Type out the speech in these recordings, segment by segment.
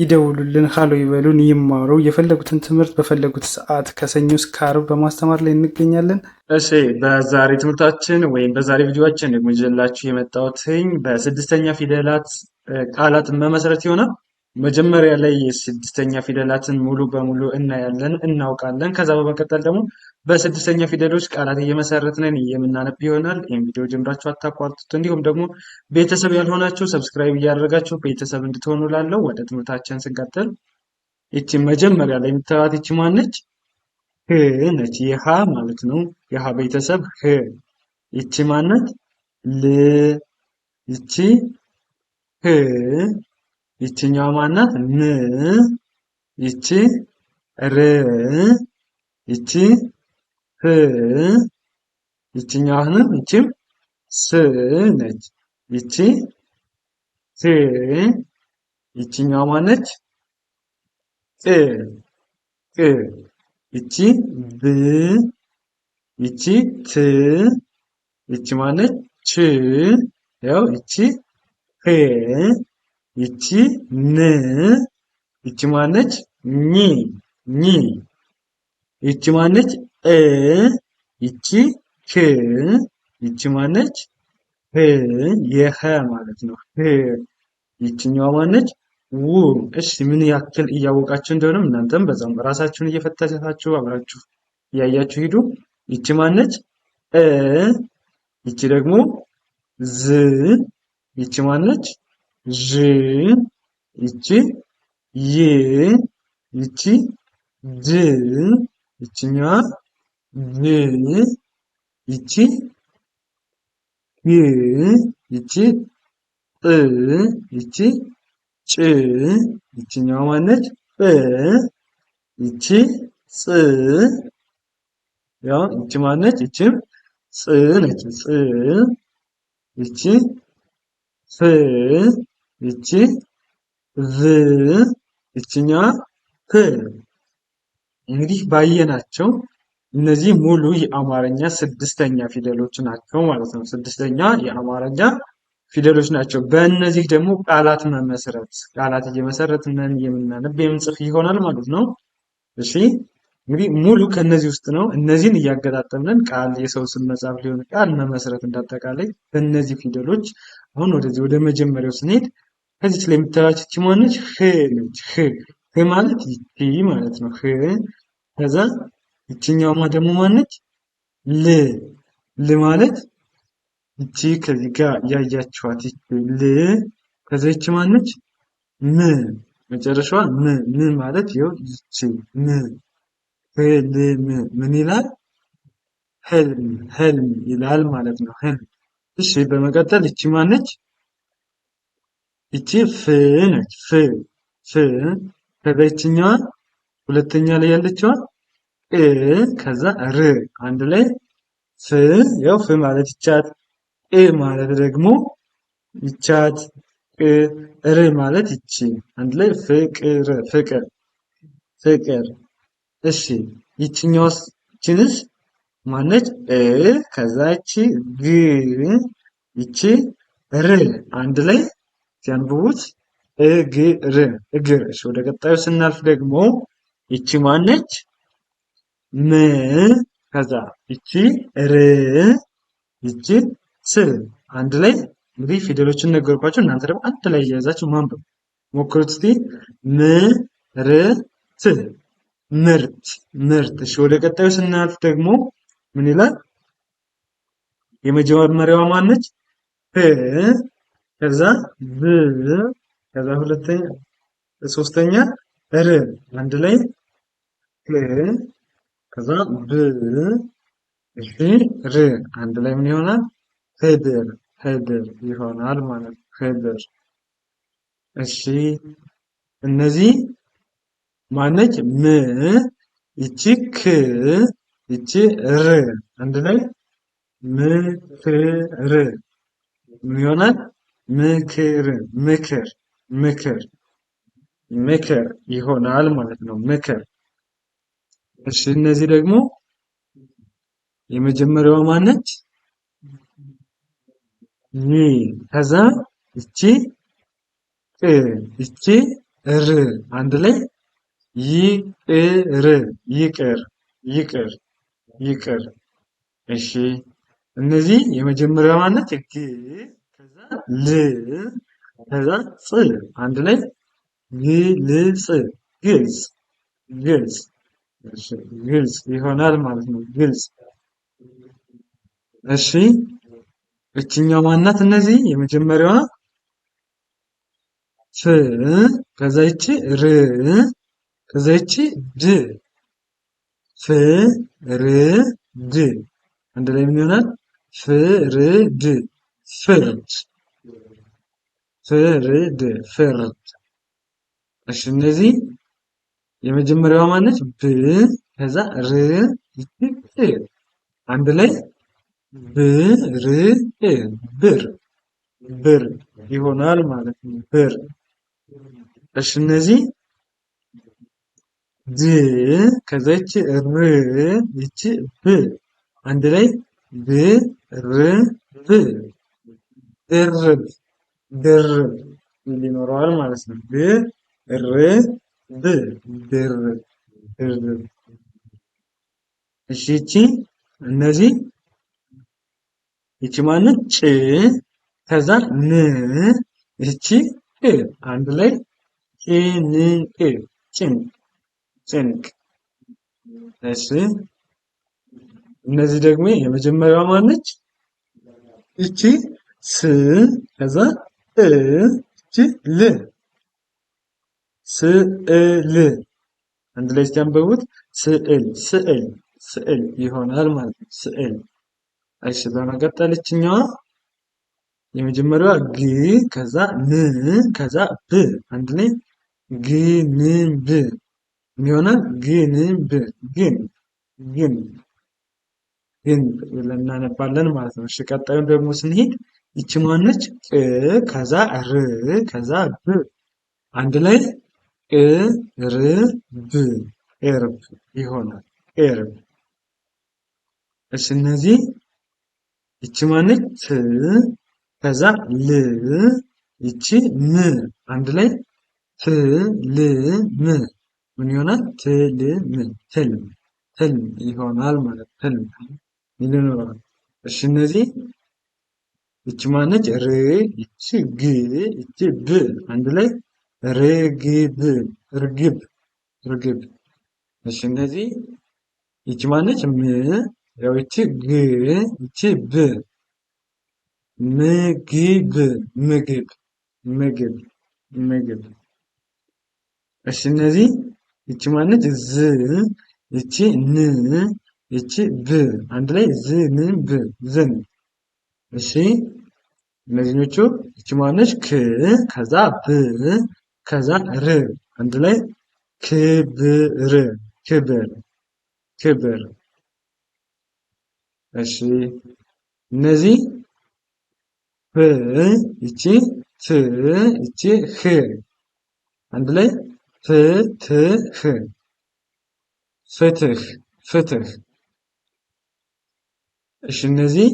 ይደውሉልን፣ ሀሎ ይበሉን፣ ይማሩ። የፈለጉትን ትምህርት በፈለጉት ሰዓት ከሰኞ እስከ ዓርብ በማስተማር ላይ እንገኛለን። እሺ፣ በዛሬ ትምህርታችን ወይም በዛሬ ቪዲዮችን ደግሞ ይዤላችሁ በስድስተኛ ፊደላት ቃላትን መመስረት የሆነ መጀመሪያ ላይ የስድስተኛ ፊደላትን ሙሉ በሙሉ እናያለን፣ እናውቃለን። ከዛ በመቀጠል ደግሞ በስድስተኛ ፊደሎች ቃላት እየመሰረትንን የምናነብ ይሆናል። ይህም ቪዲዮ ጀምራችሁ አታቋርጡት። እንዲሁም ደግሞ ቤተሰብ ያልሆናችሁ ሰብስክራይብ እያደረጋችሁ ቤተሰብ እንድትሆኑ ላለው ወደ ትምህርታችን ስንቀጥል ይቺ መጀመሪያ ላይ የምትራት ይቺ ማነች? ህ ነች። የሀ ማለት ነው። የሀ ቤተሰብ ህ። ይቺ ማነት? ል። ይቺ ህ። ማናት? ም። ይቺ ር። ይቺ 흐 이치냐 하는 이침 스 네, 이치 스 이치냐만 했 에, 에, 이치 드 이치 트 이치만 했 츠, 요 이치 헤 이치 느 이치만 했 니, 니 이치만 했 እ ይቺ ህ ይቺ ማነች? ህ የህ ማለት ነው። ህ ይችኛዋ ማነች? ው እሺ ምን ያክል እያወቃችሁ እንደሆነም እናንተም በዛም ራሳችሁን እየፈተሻችሁ አብራችሁ እያያችሁ ሂዱ። ይቺ ማነች? እ ይቺ ደግሞ ዝ ይቺ ማነች? ዥ ይቺ ይ ይቺ ድ ይችኛዋ ይ ይቺ ይ ይቺ ጥ ይቺ ጭ ይቺኛዋ ማነች? እ ይቺ ጽ ያው ይቺ ማነች? ይቺም ጽ ነች። ጽ ይቺ ፍ ይቺ ቭ ይቺኛዋ ህ እንግዲህ ባየናቸው እነዚህ ሙሉ የአማርኛ ስድስተኛ ፊደሎች ናቸው ማለት ነው። ስድስተኛ የአማርኛ ፊደሎች ናቸው። በእነዚህ ደግሞ ቃላት መመስረት ቃላት እየመሰረት ምን የምናነብ የምንጽፍ ይሆናል ማለት ነው። እሺ እንግዲህ ሙሉ ከእነዚህ ውስጥ ነው። እነዚህን እያገጣጠምንን ቃል የሰው ስም መጻፍ ሊሆን ቃል መመስረት እንዳጠቃላይ በእነዚህ ፊደሎች አሁን ወደዚህ ወደ መጀመሪያው ስንሄድ ከዚች ላይ የምታዩት ማነች? ህ ነች። ህ ማለት ይቺ ማለት ነው። ህ ከዛ ይችኛዋ ደግሞ ማነች? ል ል ማለት እቺ ከዚህ ጋር ያያችኋት ይቺ ል ከዚች ማነች? ም መጨረሻዋ ም ም ማለት ይው ይቺ ም ህልም ምን ይላል? ህልም ህልም ይላል ማለት ነው። ህልም እሺ፣ በመቀጠል እቺ ማነች? እቺ ፍ ነች። ፍ ፍ ከዛ ሁለተኛ ላይ ያለችዋ እ ከዛ ር አንድ ላይ ፍ ያው ፍ ማለት ይቻት እ ማለት ደግሞ ይቻት እ ር ማለት ይቺ አንድ ላይ ፍቅር ፍቅር ፍቅር። እሺ ይችኛውስ ይችንስ ማነች? እ ከዛ ይቺ ግ ይቺ ር አንድ ላይ ሲያንብቡት እግር እግር። እሺ ወደ ቀጣዩ ስናልፍ ደግሞ ይቺ ማነች? ም ከዛ ይቺ ር ይቺ ስ አንድ ላይ እንግዲህ ፊደሎችን ነገርኳቸው። እናንተ ደግሞ አንድ ላይ እያያዛችሁ ማንበብ ሞክሩት እስቲ። ም ር ት ምርት ምርት። እሺ ወደ ቀጣዩ ስናያት ደግሞ ምን ይላል? የመጀመሪያዋ ማነች? ህ ከዛ ብ ከዛ ሁለተኛ ሶስተኛ ር አንድ ላይ ህ ከዛ ብ ር አንድ ላይ ምን ይሆናል? ህድር ህድር ይሆናል ማለት ነው። ህድር እሺ፣ እነዚህ ማነች? ም ይቺ ክ ይቺ ር አንድ ላይ ምክር ምን ይሆናል? ምክር ምክር ምክር ምክር ይሆናል ማለት ነው። ምክር እሺ እነዚህ ደግሞ የመጀመሪያዋ ማነች? ይ ከዛ እቺ ቅ እቺ ር አንድ ላይ ይቅር ይቅር ይቅር ይቅር። እሺ እነዚህ የመጀመሪያዋ ማነች? ግ ከዛ ል ከዛ ጽ አንድ ላይ ግልጽ ግልጽ ግልጽ ግልጽ ይሆናል ማለት ነው። ግልጽ እሺ፣ እችኛው ማናት? እነዚህ የመጀመሪያዋ ፍ፣ ከዛ ይቺ ር፣ ከዛ ይቺ ድ፣ ፍ ር ድ፣ አንድ ላይ ምን ይሆናል? ፍርድ ፍርድ ፍርድ ፍርድ። እሺ እነዚህ የመጀመሪያዋ ማነች? ብ ከዛ ር አንድ ላይ ብ ብር ብር ይሆናል ማለት ነው። ብር። እሺ እነዚህ ድ ከዛ ይቺ ር ይቺ ብ አንድ ላይ ብ ር ብ ድርብ ድርብ ይኖረዋል ማለት ነው። ብ ድር ድር እሺ እቺ እነዚህ እቺ ማነት ጭ ከዛ ን እቺ ቅ አንድ ላይ ጭንቅ ጭንቅ ጭንቅ እሺ እነዚህ ደግሞ የመጀመሪያዋ ማነች እቺ ስ ከዛ እ እቺ ል ስዕል አንድ ላይ ሲያንበቡት ስዕል ስዕል ስዕል ይሆናል ማለት ነው። ስዕል እሺ። በመቀጠል እችኛዋ የመጀመሪያዋ ግ ከዛ ን ከዛ ብ አንድ ላይ ግንብ የሚሆናል። ግንብ ግን ግን ግን ብለን እናነባለን ማለት ነው። እሺ ቀጣዩን ደግሞ ስንሄድ ይች ማነች? ቅ ከዛ ር ከዛ ብ አንድ ላይ ቅርብ ቅርብ ይሆናል። ቅርብ እሺ፣ እነዚህ ይቺ ማነች? ት ከዛ ል ይቺ ም አንድ ላይ ት ል ም ምን ይሆናል? ትልም ትልም ትልም ይሆናል ማለት ትልም ይሆናል። እሺ፣ እነዚህ ይቺ ማነች? ር ይቺ ግ ይቺ ብ አንድ ላይ ርግብ ርግብ ርግብ። እሺ እንደዚህ ይቺ ማነች? ም ያው ይቺ ግ ይቺ ብ ምግብ ምግብ ምግብ ምግብ። እሺ እነዚህ ይቺ ማነች? ዝ ይቺ ን ይቺ ብ አንድ ላይ ዝን ብ ዝን። እሺ እነዚህኞቹ ይቺ ማነች? ክ ከዛ ብ ከዛ ር አንድ ላይ ክብር ክብር ክብር። እሺ እነዚህ ፍ ይቺ ፍ ይቺ ህ አንድ ላይ ፍትህ ፍትህ ፍትህ። እሺ እነዚህ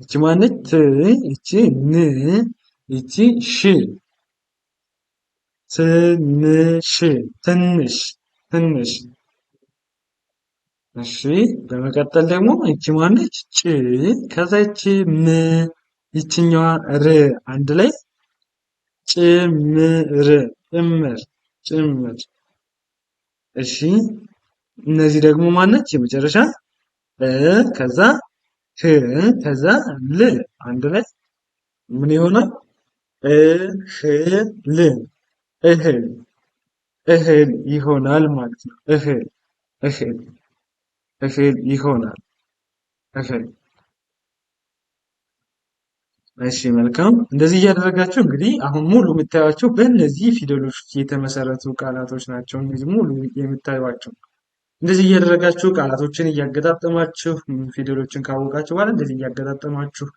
ይቺ ማነች? ት ይቺ ን ይቺ ሽ ትንሽ ትንሽ ትንሽ። እሺ በመቀጠል ደግሞ እቺ ማነች? ጭ ከዛ እቺ ም ይችኛዋ ር አንድ ላይ ጭምር ጭምር ጭምር። እሺ እነዚህ ደግሞ ማነች? የመጨረሻ እ ከዛ ህ ከዛ ል አንድ ላይ ምን ይሆናል? እህል እህል እህል ይሆናል ማለት ነው። እህል እህል እህል ይሆናል እህል እሺ መልካም። እንደዚህ እያደረጋችሁ እንግዲህ አሁን ሙሉ የምታዩቸው በእነዚህ ፊደሎች የተመሰረቱ ቃላቶች ናቸው። እንግዲህ ሙሉ የምታዩቸው እንደዚህ እያደረጋችሁ ቃላቶችን እያገጣጠማችሁ ፊደሎችን ካወቃችሁ በኋላ እንደዚህ እያገጣጠማችሁ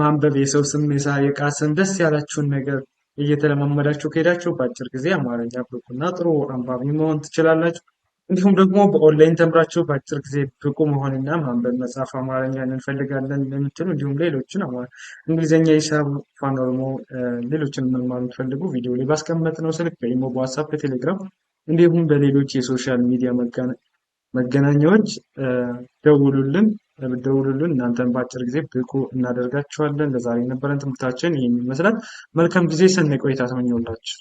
ማንበብ የሰው ስም፣ የዕቃ ስም፣ ደስ ያላችሁን ነገር እየተለማመዳችሁ ከሄዳችሁ በአጭር ጊዜ አማርኛ ብቁና ጥሩ አንባቢ መሆን ትችላላችሁ። እንዲሁም ደግሞ በኦንላይን ተምራችሁ በአጭር ጊዜ ብቁ መሆንና ማንበብ መጻፍ አማርኛ እንፈልጋለን የምትሉ እንዲሁም ሌሎችን እንግሊዝኛ፣ ሂሳብ፣ ፋን ኦሮሞ ሌሎችን መማር የምትፈልጉ ቪዲዮ ላይ ባስቀመጥ ነው ስልክ በኢሞ፣ በዋትሳፕ፣ በቴሌግራም እንዲሁም በሌሎች የሶሻል ሚዲያ መገናኛዎች ደውሉልን። ለምትደውሉልን እናንተን በአጭር ጊዜ ብቁ እናደርጋችኋለን። ለዛሬ የነበረን ትምህርታችን ይህን ይመስላል። መልካም ጊዜ፣ ሰናይ ቆይታ ተመኘሁላችሁ።